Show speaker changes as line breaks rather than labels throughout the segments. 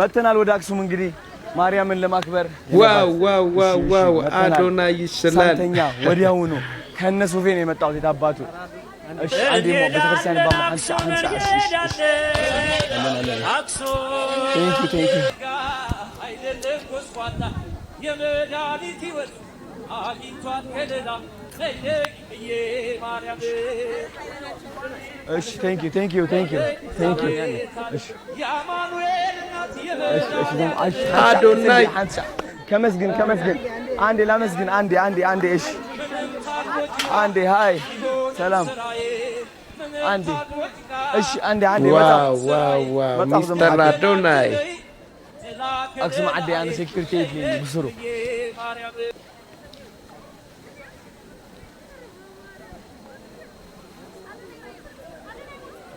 መተናል ወደ አክሱም እንግዲህ ማርያምን ለማክበር
ዋው ዋው ዋው ዋው አዶና ይስላል።
ሳንተኛ ወዲያው ነው ከነ ሱፌ ነው የመጣሁት የታባቱ እሺ አንዴ ነው ቤተክርስቲያን ባማ አንሳ አንሳ አክሱም እሺ ቴንክ ዩ ቴንክ ዩ ቴንክ ዩ ቴንክ ዩ እሺ
እሺ አዶናይ
ከመስግን ከመስግን አንዴ ላመስግን አንዴ አንዴ አንዴ እሺ አንዴ ሃይ ሰላም አንዴ እሺ አንዴ አንዴ
ዋው ዋው ዋው ሚስተር አዶናይ
አክሱም ዓዲ ኣነ ሴኪሪቲ ብስሩ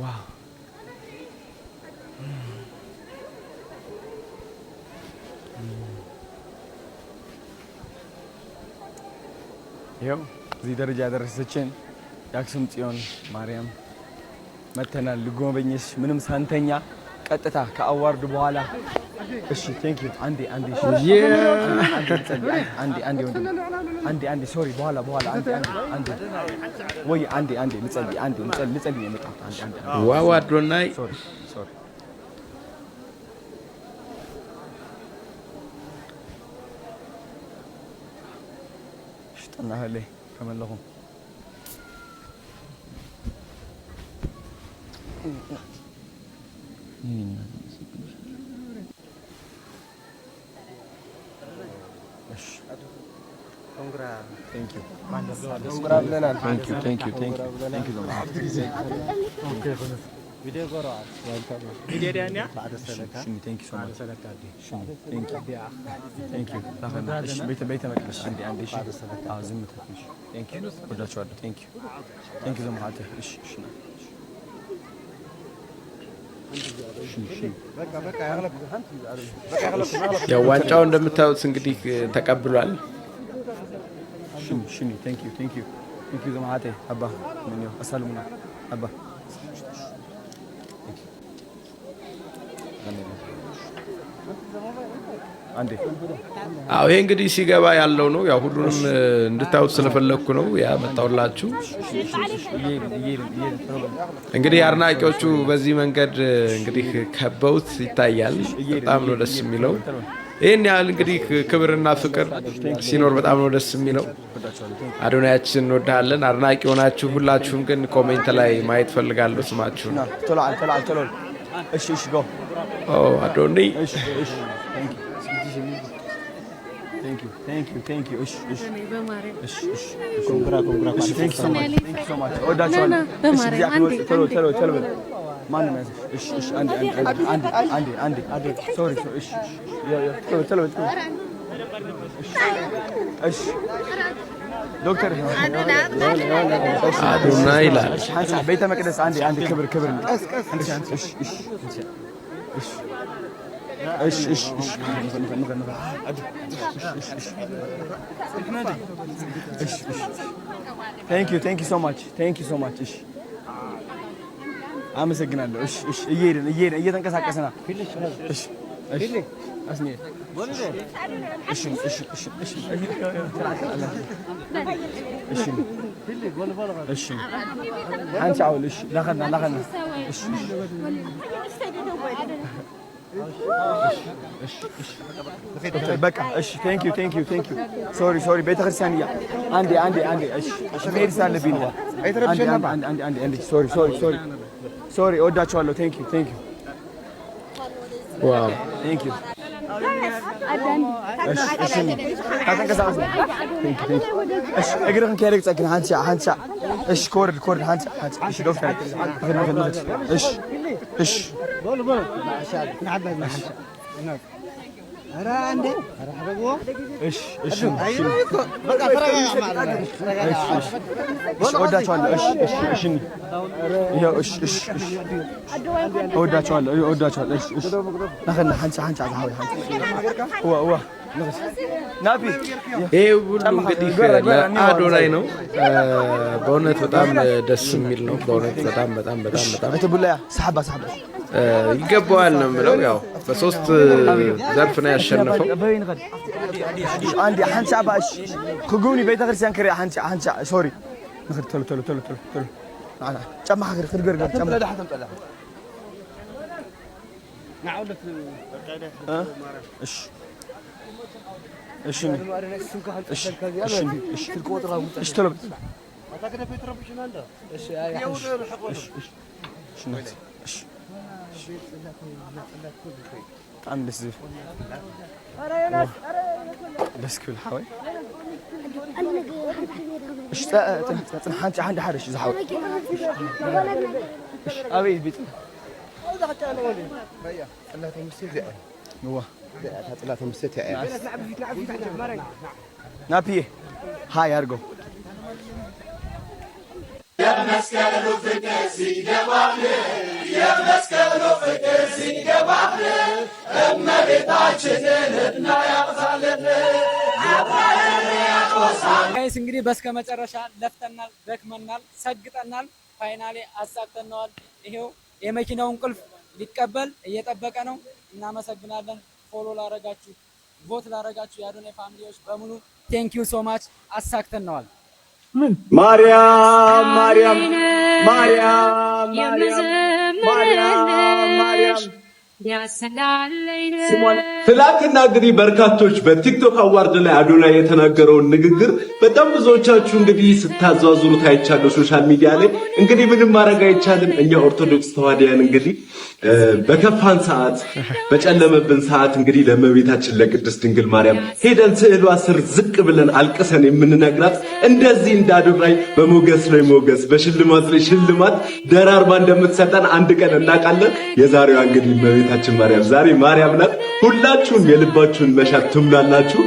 Wow. Mm. ይኸው እዚህ ደረጃ ያደረሰችን የአክሱም ጽዮን ማርያም መተናል ልጎበኘሽ ምንም ሳንተኛ ቀጥታ ከአዋርድ በኋላ እሺ፣ ቴንክ ዩ። አንዴ አንዴ አንዴ አንዴ አንዴ አንዴ ሶሪ፣ በኋላ በኋላ አንዴ ወይ አንዴ አንዴ ልጸልይ፣ አንዴ ልጸልይ፣ ልጸልይ የመጣሁት።
አንዴ አንዴ ዋው አድሮናይ ሶሪ ሶሪ
ሽጠና ሀለ ተመለኹም ቤተ መቅደስ
ያው ዋንጫው እንደምታዩት እንግዲህ ተቀብሏል። አዎ ይሄ እንግዲህ ሲገባ ያለው ነው። ያው ሁሉንም እንድታዩት ስለፈለግኩ ነው ያመጣሁላችሁ። እንግዲህ አድናቂዎቹ በዚህ መንገድ እንግዲህ ከበውት ይታያል። በጣም ነው ደስ የሚለው። ይህን ያህል እንግዲህ ክብርና ፍቅር ሲኖር በጣም ነው ደስ የሚለው። አዶናያችን እንወዳለን። አድናቂ ሆናችሁ ሁላችሁም ግን ኮሜንት ላይ ማየት ፈልጋለሁ ስማችሁ ነው እሺ እሺ ጎ ኦ አዶኒ እሺ እሺ ቴንክ ዩ ዶክተር አዶና ይላል።
ቤተ መቅደስ አንዴ አንዴ ክብር ክብር። አመሰግናለሁ። እሺ እየሄድን እየሄድን እየተንቀሳቀስና ايش ايش ايش ايش ايش ايش ايش ايش ايش ايش ايش Wow. Thank you. اش اقرا ይህ
ሁሉ እንግዲህ ለአዶናይ ነው። በእውነት በጣም ደስ የሚል ነው። በእውነት በጣም በጣም በጣም
በጣም
ይገባዋል ነው የምለው። ያው በሶስት ዘርፍ ነው ያሸነፈው።
بطعم بس زيف بس كل حوي اش تنحنت عند حرش زحوي اش ابي بيت وضعت انا ولي هيا ثلاثة مستدعي هو ثلاثة مستدعي نابيه هاي ارجو
የመስቀሉ ፍቅር ሲገባል የመስቀሉ ፍቅር ሲገባል
ጋይስ እንግዲህ በስከ መጨረሻ ለፍተናል፣ ደክመናል፣ ሰግጠናል። ፋይናሌ አሳክተነዋል። ይሄው የመኪናውን ቁልፍ ሊቀበል እየጠበቀ ነው። እናመሰግናለን። ፎሎ ላረጋችሁ፣ ቮት ላረጋችሁ የአዶናይ ፋሚሊዎች በሙሉ ቴንኪዩ ሶማች አሳክተነዋል።
ማርያም ማርያም ማርያም ማርያም ማርያም ትላንትና እንግዲህ በርካቶች በቲክቶክ አዋርድ ላይ አዶናይ የተናገረውን ንግግር በጣም ብዙዎቻችሁ እንግዲህ ስታዟዙሩት ታይቻለሁ ሶሻል ሚዲያ ላይ እንግዲህ ምንም ማድረግ አይቻልም። እኛ ኦርቶዶክስ ተዋዲያን እንግዲህ በከፋን ሰዓት፣ በጨለመብን ሰዓት እንግዲህ ለመቤታችን ለቅድስት ድንግል ማርያም ሄደን ስዕሏ ስር ዝቅ ብለን አልቅሰን የምንነግራት እንደዚህ እንደ አዶናይ በሞገስ ላይ ሞገስ፣ በሽልማት ላይ ሽልማት ደራርባ እንደምትሰጠን አንድ ቀን እናውቃለን። የዛሬዋ እንግዲህ መቤታችን ማርያም ዛሬ ማርያም ናት ሁላ ሁላችሁም የልባችሁን መሻት ትምላላችሁ።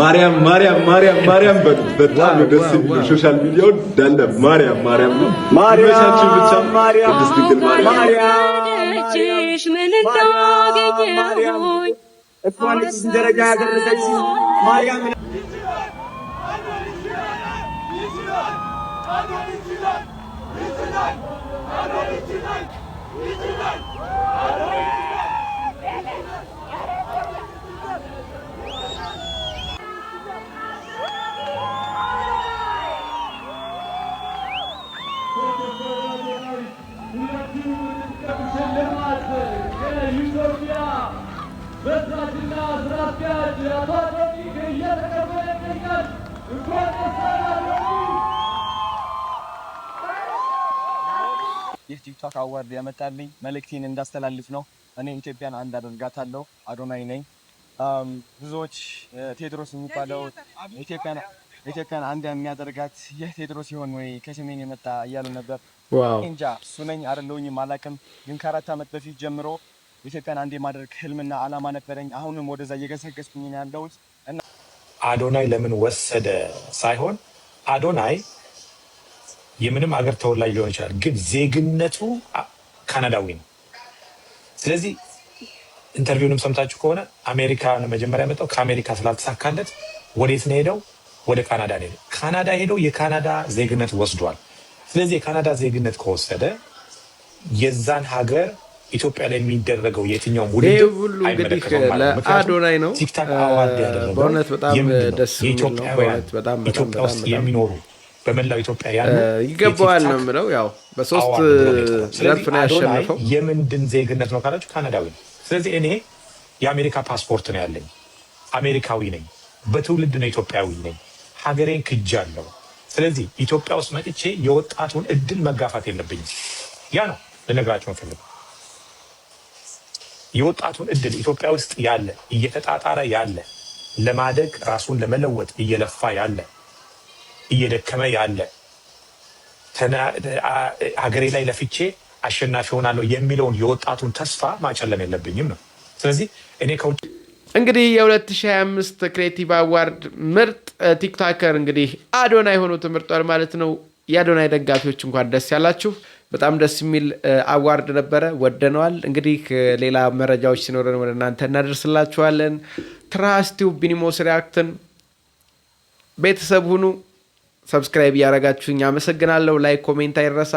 ማርያም ማርያም ማርያም ማርያም በጣም ደስ የሚል ሶሻል ሚዲያው ዳለ ማርያም ማርያም ነው። ማርያም ብቻ ማርያም ድንግል ማርያም ማርያም እነዚህ ሽልማት የኢትዮጵያ መስራችና ስራ አስኪያጅ ይህ ቲክቶክ አዋርድ ያመጣልኝ መልእክቴን እንዳስተላልፍ ነው። እኔ ኢትዮጵያን አንድ አደርጋታለሁ። አዶናይ ነኝ። ብዙዎች ቴድሮስ የሚባለው ኢትዮጵያን ኢትዮጵያን አንድ የሚያደርጋት ይህ ሲሆን ወይ ከሰሜን የመጣ እያሉ ነበር። እንጃ እሱ ነኝ አይደለሁኝም አላውቅም። ግን ከአራት ዓመት በፊት ጀምሮ ኢትዮጵያን አንድ የማደርግ ህልምና አላማ ነበረኝ። አሁንም ወደዛ እየገሰገስኩኝ ነው ያለሁት። አዶናይ ለምን ወሰደ ሳይሆን አዶናይ የምንም አገር ተወላጅ ሊሆን ይችላል፣ ግን ዜግነቱ ካናዳዊ ነው። ስለዚህ ኢንተርቪውንም ሰምታችሁ ከሆነ አሜሪካ መጀመሪያ የመጣው ከአሜሪካ ስላልተሳካለት ወዴት ነው ሄደው ወደ ካናዳ ሄደ። ካናዳ ሄደው የካናዳ ዜግነት ወስዷል። ስለዚህ የካናዳ ዜግነት ከወሰደ የዛን ሀገር ኢትዮጵያ ላይ የሚደረገው የትኛውም ውድድር ሁሉ እንግዲህ ለአዶናይ ነው። ቲክታክ አዋርድ ያደረገው በእውነት በጣም ደስ ኢትዮጵያውያን ኢትዮጵያ ውስጥ የሚኖሩ በመላው ኢትዮጵያ ያሉ ይገባዋል ነው የምለው። ያው በሶስት ዘርፍ ነው ያሸነፈው። የምንድን ዜግነት ነው ካላችሁ ካናዳዊ ነው። ስለዚህ እኔ የአሜሪካ ፓስፖርት ነው ያለኝ፣ አሜሪካዊ ነኝ፣ በትውልድ ነው ኢትዮጵያዊ ነኝ። ሀገሬን ክጃለሁ። ስለዚህ ኢትዮጵያ ውስጥ መጥቼ የወጣቱን እድል መጋፋት የለብኝም። ያ ነው ልነግራቸው የምፈልገው። የወጣቱን እድል ኢትዮጵያ ውስጥ ያለ እየተጣጣረ ያለ ለማደግ ራሱን ለመለወጥ እየለፋ ያለ እየደከመ ያለ ሀገሬ ላይ ለፍቼ አሸናፊ ሆናለሁ የሚለውን የወጣቱን ተስፋ ማጨለም የለብኝም ነው። ስለዚህ እኔ ከውጭ እንግዲህ የ2025 ክሬቲቭ አዋርድ ምርጥ ቲክቶከር እንግዲህ አዶናይ ሆኖ ተመርጧል ማለት ነው። የአዶናይ ደጋፊዎች እንኳን ደስ ያላችሁ። በጣም ደስ የሚል አዋርድ ነበረ፣ ወደነዋል። እንግዲህ ሌላ መረጃዎች ሲኖረን ወደ እናንተ እናደርስላችኋለን። ትራስቲው ቢኒሞስ ሪያክትን ቤተሰብ ሁኑ። ሰብስክራይብ እያረጋችሁኝ አመሰግናለሁ። ላይክ ኮሜንት አይረሳ።